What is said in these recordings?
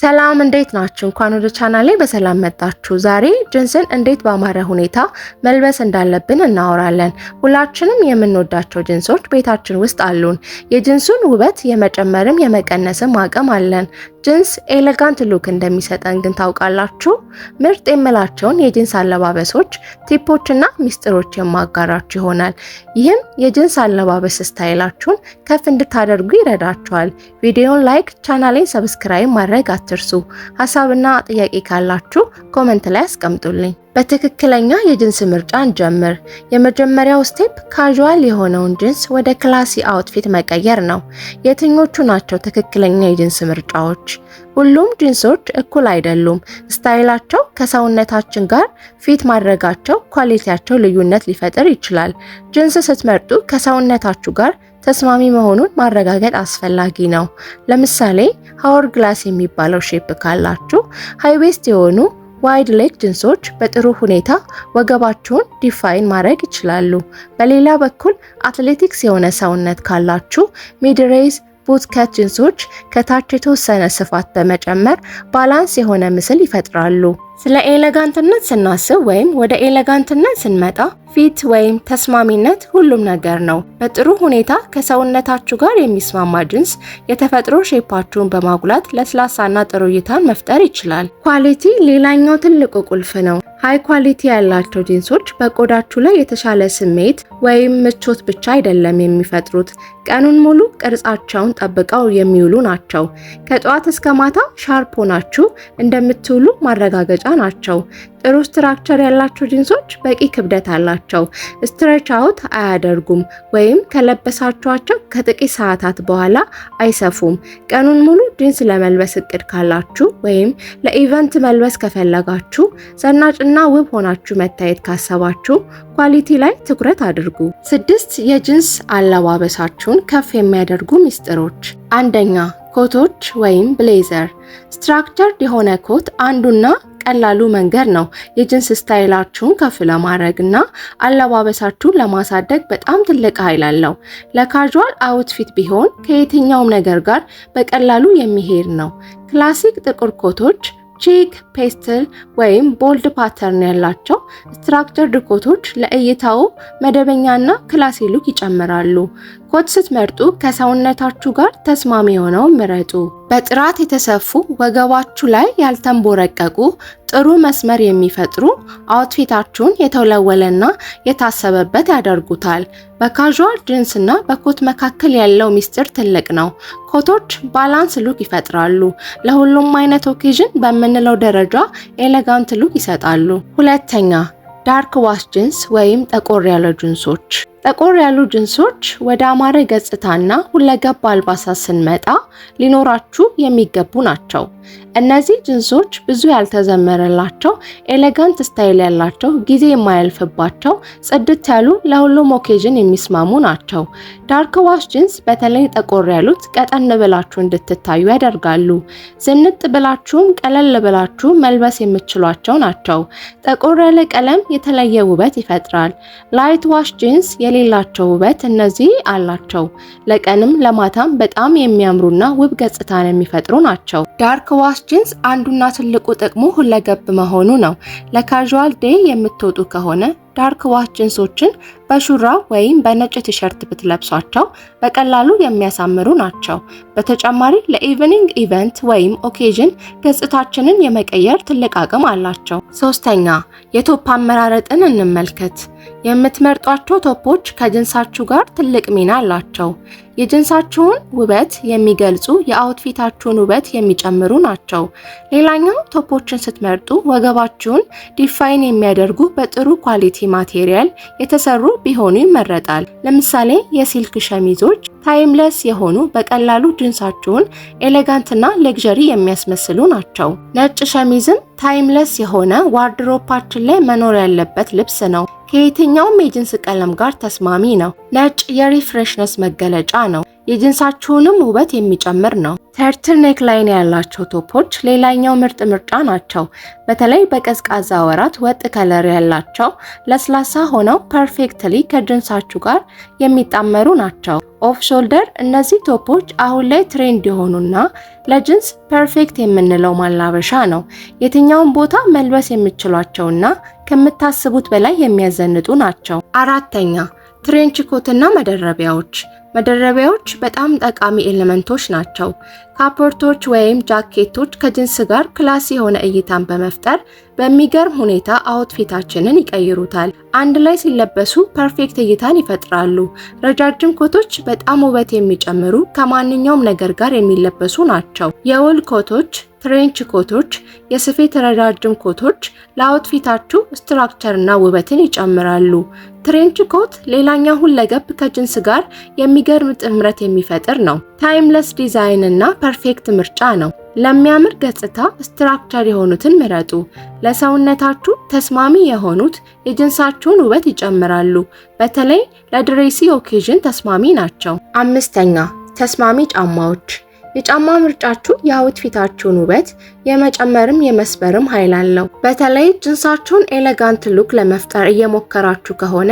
ሰላም እንዴት ናችሁ? እንኳን ወደ ቻናሌ በሰላም መጣችሁ። ዛሬ ጅንስን እንዴት ባማረ ሁኔታ መልበስ እንዳለብን እናወራለን። ሁላችንም የምንወዳቸው ጅንሶች ቤታችን ውስጥ አሉን። የጅንሱን ውበት የመጨመርም የመቀነስም አቅም አለን። ጅንስ ኤሌጋንት ሉክ እንደሚሰጠን ግን ታውቃላችሁ? ምርጥ የምላቸውን የጅንስ አለባበሶች ቲፖችና ሚስጥሮች የማጋራችሁ ይሆናል። ይህም የጅንስ አለባበስ ስታይላችሁን ከፍ እንድታደርጉ ይረዳችኋል። ቪዲዮን ላይክ፣ ቻናሌን ሰብስክራይብ ማድረግ አትርሱ። ሀሳብና ጥያቄ ካላችሁ ኮመንት ላይ አስቀምጡልኝ። በትክክለኛ የጅንስ ምርጫ እንጀምር። የመጀመሪያው ስቴፕ ካዥዋል የሆነውን ጅንስ ወደ ክላሲ አውትፊት መቀየር ነው። የትኞቹ ናቸው ትክክለኛ የጅንስ ምርጫዎች? ሁሉም ጅንሶች እኩል አይደሉም። ስታይላቸው ከሰውነታችን ጋር ፊት ማድረጋቸው ኳሊቲያቸው ልዩነት ሊፈጥር ይችላል። ጅንስ ስትመርጡ ከሰውነታችሁ ጋር ተስማሚ መሆኑን ማረጋገጥ አስፈላጊ ነው። ለምሳሌ ሃወር ግላስ የሚባለው ሼፕ ካላችሁ ሃይዌስት የሆኑ ዋይድ ሌግ ጅንሶች በጥሩ ሁኔታ ወገባችሁን ዲፋይን ማድረግ ይችላሉ። በሌላ በኩል አትሌቲክስ የሆነ ሰውነት ካላችሁ ሚድሬዝ ቡትከት ጅንሶች ከታች የተወሰነ ስፋት በመጨመር ባላንስ የሆነ ምስል ይፈጥራሉ። ስለ ኤሌጋንትነት ስናስብ ወይም ወደ ኤሌጋንትነት ስንመጣ ፊት ወይም ተስማሚነት ሁሉም ነገር ነው። በጥሩ ሁኔታ ከሰውነታችሁ ጋር የሚስማማ ጅንስ የተፈጥሮ ሼፓችሁን በማጉላት ለስላሳና ጥሩ እይታን መፍጠር ይችላል። ኳሊቲ ሌላኛው ትልቁ ቁልፍ ነው። ሃይ ኳሊቲ ያላቸው ጂንሶች በቆዳችሁ ላይ የተሻለ ስሜት ወይም ምቾት ብቻ አይደለም የሚፈጥሩት፣ ቀኑን ሙሉ ቅርጻቸውን ጠብቀው የሚውሉ ናቸው። ከጠዋት እስከ ማታ ሻርፕ ሆናችሁ እንደምትውሉ ማረጋገጫ ናቸው። ጥሩ ስትራክቸር ያላቸው ጂንሶች በቂ ክብደት አላቸው፣ ስትረች አውት አያደርጉም ወይም ከለበሳችኋቸው ከጥቂት ሰዓታት በኋላ አይሰፉም። ቀኑን ሙሉ ጂንስ ለመልበስ እቅድ ካላችሁ ወይም ለኢቨንት መልበስ ከፈለጋችሁ፣ ዘናጭና ውብ ሆናችሁ መታየት ካሰባችሁ ኳሊቲ ላይ ትኩረት አድርጉ። ስድስት የጂንስ አለባበሳችሁን ከፍ የሚያደርጉ ሚስጥሮች አንደኛ ኮቶች ወይም ብሌዘር። ስትራክቸርድ የሆነ ኮት አንዱና ቀላሉ መንገድ ነው። የጅንስ ስታይላችሁን ከፍ ለማድረግ እና አለባበሳችሁን ለማሳደግ በጣም ትልቅ ኃይል አለው። ለካዥዋል አውትፊት ቢሆን ከየትኛውም ነገር ጋር በቀላሉ የሚሄድ ነው። ክላሲክ ጥቁር ኮቶች ቺክ ፔስትል ወይም ቦልድ ፓተርን ያላቸው ስትራክቸርድ ኮቶች ለእይታው መደበኛና ክላሲ ሉክ ይጨምራሉ። ኮት ስትመርጡ ከሰውነታችሁ ጋር ተስማሚ የሆነው ምረጡ። በጥራት የተሰፉ ወገባችሁ ላይ ያልተንቦረቀቁ ጥሩ መስመር የሚፈጥሩ አውትፊታችሁን የተወለወለና የታሰበበት ያደርጉታል። በካዥዋል ጅንስ እና በኮት መካከል ያለው ሚስጥር ትልቅ ነው። ኮቶች ባላንስ ሉክ ይፈጥራሉ። ለሁሉም አይነት ኦኬዥን በምንለው ደረጃ ኤሌጋንት ሉክ ይሰጣሉ። ሁለተኛ ዳርክ ዋሽ ጅንስ ወይም ጠቆር ያለ ጅንሶች ጠቆር ያሉ ጅንሶች ወደ አማረ ገጽታና ሁለገብ አልባሳት ስንመጣ ሊኖራችሁ የሚገቡ ናቸው። እነዚህ ጅንሶች ብዙ ያልተዘመረላቸው፣ ኤሌጋንት ስታይል ያላቸው፣ ጊዜ የማያልፍባቸው፣ ጽድት ያሉ፣ ለሁሉም ኦኬዥን የሚስማሙ ናቸው። ዳርክ ዋሽ ጅንስ በተለይ ጠቆር ያሉት ቀጠን ብላችሁ እንድትታዩ ያደርጋሉ። ዝንጥ ብላችሁም ቀለል ብላችሁ መልበስ የምትችሏቸው ናቸው። ጠቆር ያለ ቀለም የተለየ ውበት ይፈጥራል። ላይት ዋሽ ጂንስ የሌላቸው ውበት እነዚህ አላቸው። ለቀንም ለማታም በጣም የሚያምሩና ውብ ገጽታን የሚፈጥሩ ናቸው። ዳርክ ዋሽ ጂንስ አንዱና ትልቁ ጥቅሙ ሁለገብ መሆኑ ነው። ለካዥዋል ዴይ የምትወጡ ከሆነ ዳርክ ዋች ጅንሶችን በሹራብ ወይም በነጭ ቲሸርት ብትለብሷቸው በቀላሉ የሚያሳምሩ ናቸው። በተጨማሪ ለኢቭኒንግ ኢቨንት ወይም ኦኬዥን ገጽታችንን የመቀየር ትልቅ አቅም አላቸው። ሶስተኛ የቶፕ አመራረጥን እንመልከት። የምትመርጧቸው ቶፖች ከጅንሳችሁ ጋር ትልቅ ሚና አላቸው። የጅንሳችሁን ውበት የሚገልጹ የአውትፊታችሁን ውበት የሚጨምሩ ናቸው። ሌላኛው ቶፖችን ስትመርጡ ወገባችሁን ዲፋይን የሚያደርጉ በጥሩ ኳሊቲ ማቴሪያል የተሰሩ ቢሆኑ ይመረጣል። ለምሳሌ የሲልክ ሸሚዞች ታይምለስ የሆኑ በቀላሉ ጅንሳችሁን ኤሌጋንትና ለግዠሪ የሚያስመስሉ ናቸው። ነጭ ሸሚዝም ታይምለስ የሆነ ዋርድሮፓችን ላይ መኖር ያለበት ልብስ ነው። ከየትኛውም የጅንስ ቀለም ጋር ተስማሚ ነው። ነጭ የሪፍሬሽነስ መገለጫ ነው። የጅንሳችሁንም ውበት የሚጨምር ነው። ተርትል ኔክ ላይን ያላቸው ቶፖች ሌላኛው ምርጥ ምርጫ ናቸው። በተለይ በቀዝቃዛ ወራት ወጥ ከለር ያላቸው ለስላሳ ሆነው ፐርፌክትሊ ከጅንሳችሁ ጋር የሚጣመሩ ናቸው። ኦፍ ሾልደር፣ እነዚህ ቶፖች አሁን ላይ ትሬንድ የሆኑና ለጅንስ ፐርፌክት የምንለው ማላበሻ ነው። የትኛውን ቦታ መልበስ የምችሏቸውና ከምታስቡት በላይ የሚያዘንጡ ናቸው። አራተኛ ትሬንች ኮትና መደረቢያዎች። መደረቢያዎች በጣም ጠቃሚ ኤሌመንቶች ናቸው። ካፖርቶች ወይም ጃኬቶች ከጅንስ ጋር ክላስ የሆነ እይታን በመፍጠር በሚገርም ሁኔታ አውትፊታችንን ይቀይሩታል። አንድ ላይ ሲለበሱ ፐርፌክት እይታን ይፈጥራሉ። ረጃጅም ኮቶች በጣም ውበት የሚጨምሩ ከማንኛውም ነገር ጋር የሚለበሱ ናቸው። የውል ኮቶች ትሬንች ኮቶች፣ የስፌት ረጃጅም ኮቶች ለአውትፊታችሁ ስትራክቸርና ውበትን ይጨምራሉ። ትሬንች ኮት ሌላኛው ሁለገብ ከጅንስ ጋር የሚገርም ጥምረት የሚፈጥር ነው። ታይምለስ ዲዛይን እና ፐርፌክት ምርጫ ነው። ለሚያምር ገጽታ ስትራክቸር የሆኑትን ምረጡ። ለሰውነታችሁ ተስማሚ የሆኑት የጅንሳችሁን ውበት ይጨምራሉ። በተለይ ለድሬሲ ኦኬዥን ተስማሚ ናቸው። አምስተኛ ተስማሚ ጫማዎች የጫማ ምርጫችሁ የአውትፊታችሁን ውበት የመጨመርም የመስበርም ኃይል አለው። በተለይ ጅንሳችሁን ኤሌጋንት ሉክ ለመፍጠር እየሞከራችሁ ከሆነ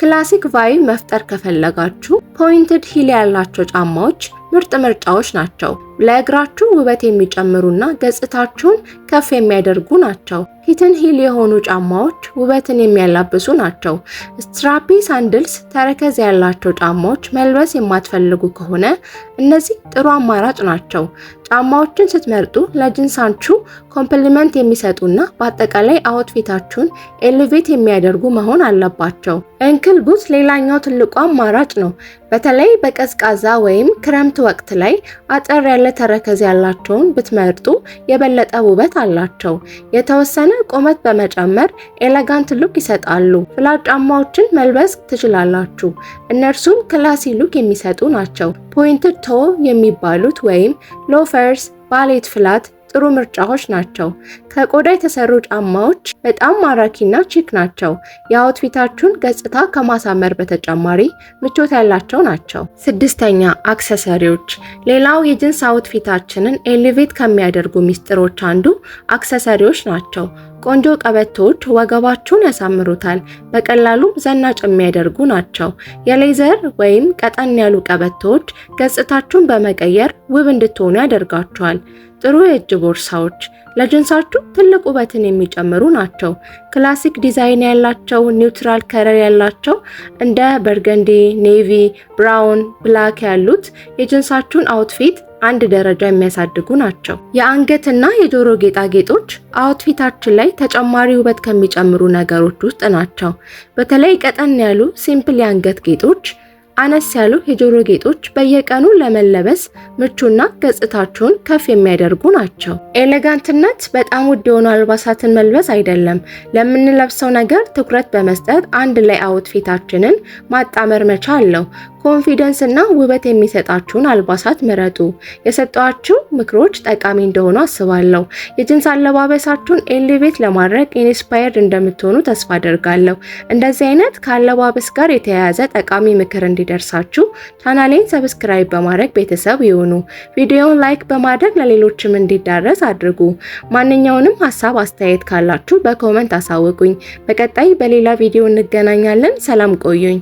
ክላሲክ ቫይብ መፍጠር ከፈለጋችሁ ፖይንትድ ሂል ያላቸው ጫማዎች ምርጥ ምርጫዎች ናቸው። ለእግራችሁ ውበት የሚጨምሩና ገጽታችሁን ከፍ የሚያደርጉ ናቸው። ሂትን ሂል የሆኑ ጫማዎች ውበትን የሚያላብሱ ናቸው። ስትራፒ ሳንድልስ ተረከዝ ያላቸው ጫማዎች መልበስ የማትፈልጉ ከሆነ እነዚህ ጥሩ አማራጭ ናቸው። ጫማዎችን ስትመርጡ ለጅንሳችሁ ኮምፕሊመንት የሚሰጡና በአጠቃላይ አውትፊታችሁን ኤሌቬት የሚያደርጉ መሆን አለባቸው። እንክል ቡት ሌላኛው ትልቁ አማራጭ ነው። በተለይ በቀዝቃዛ ወይም ክረምት ወቅት ላይ አጠር ያለ ያለ ተረከዝ ያላቸውን ብትመርጡ የበለጠ ውበት አላቸው። የተወሰነ ቁመት በመጨመር ኤሌጋንት ሉክ ይሰጣሉ። ፍላት ጫማዎችን መልበስ ትችላላችሁ። እነርሱም ክላሲ ሉክ የሚሰጡ ናቸው። ፖይንትድ ቶ የሚባሉት ወይም ሎፈርስ፣ ባሌት ፍላት ጥሩ ምርጫዎች ናቸው። ከቆዳ የተሰሩ ጫማዎች በጣም ማራኪና ቺክ ናቸው። የአውትፊታችሁን ገጽታ ከማሳመር በተጨማሪ ምቾት ያላቸው ናቸው። ስድስተኛ አክሰሰሪዎች። ሌላው የጂንስ አውትፊታችንን ኤሊቬት ከሚያደርጉ ሚስጥሮች አንዱ አክሰሰሪዎች ናቸው። ቆንጆ ቀበቶዎች ወገባችሁን ያሳምሩታል። በቀላሉም ዘናጭ የሚያደርጉ ናቸው። የሌዘር ወይም ቀጠን ያሉ ቀበቶዎች ገጽታችሁን በመቀየር ውብ እንድትሆኑ ያደርጋችኋል። ጥሩ የእጅ ቦርሳዎች ለጅንሳችሁ ትልቅ ውበትን የሚጨምሩ ናቸው። ክላሲክ ዲዛይን ያላቸው፣ ኒውትራል ከለር ያላቸው እንደ በርገንዲ፣ ኔቪ፣ ብራውን፣ ብላክ ያሉት የጅንሳችሁን አውትፊት አንድ ደረጃ የሚያሳድጉ ናቸው። የአንገትና የጆሮ ጌጣጌጦች አውትፊታችን ላይ ተጨማሪ ውበት ከሚጨምሩ ነገሮች ውስጥ ናቸው። በተለይ ቀጠን ያሉ ሲምፕል የአንገት ጌጦች፣ አነስ ያሉ የጆሮ ጌጦች በየቀኑ ለመለበስ ምቹና ገጽታቸውን ከፍ የሚያደርጉ ናቸው። ኤሌጋንትነት በጣም ውድ የሆኑ አልባሳትን መልበስ አይደለም፣ ለምንለብሰው ነገር ትኩረት በመስጠት አንድ ላይ አውትፊታችንን ማጣመር መቻ አለው ኮንፊደንስ እና ውበት የሚሰጣችሁን አልባሳት ምረጡ። የሰጠኋችሁ ምክሮች ጠቃሚ እንደሆኑ አስባለሁ። የጅንስ አለባበሳችሁን ኤሌቬት ለማድረግ ኢንስፓየርድ እንደምትሆኑ ተስፋ አደርጋለሁ። እንደዚህ አይነት ከአለባበስ ጋር የተያያዘ ጠቃሚ ምክር እንዲደርሳችሁ ቻናሌን ሰብስክራይብ በማድረግ ቤተሰብ ይሁኑ። ቪዲዮውን ላይክ በማድረግ ለሌሎችም እንዲዳረስ አድርጉ። ማንኛውንም ሀሳብ አስተያየት ካላችሁ በኮመንት አሳውቁኝ። በቀጣይ በሌላ ቪዲዮ እንገናኛለን። ሰላም ቆዩኝ።